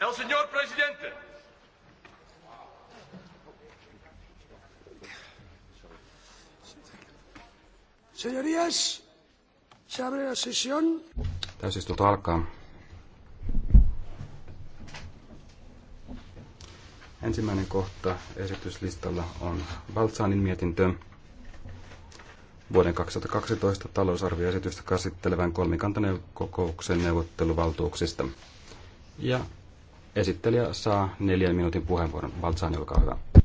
El señor presidente. Señorías, se abre la sesión. Täysistunto alkaa. Ensimmäinen kohta esityslistalla on Valtsaanin mietintö vuoden 2012 talousarvioesitystä käsittelevän kolmikantaneuvokokouksen kokouksen neuvotteluvaltuuksista. Ja Esittelijä saa neljän minuutin puheenvuoron. Valtsaani, olkaa hyvä.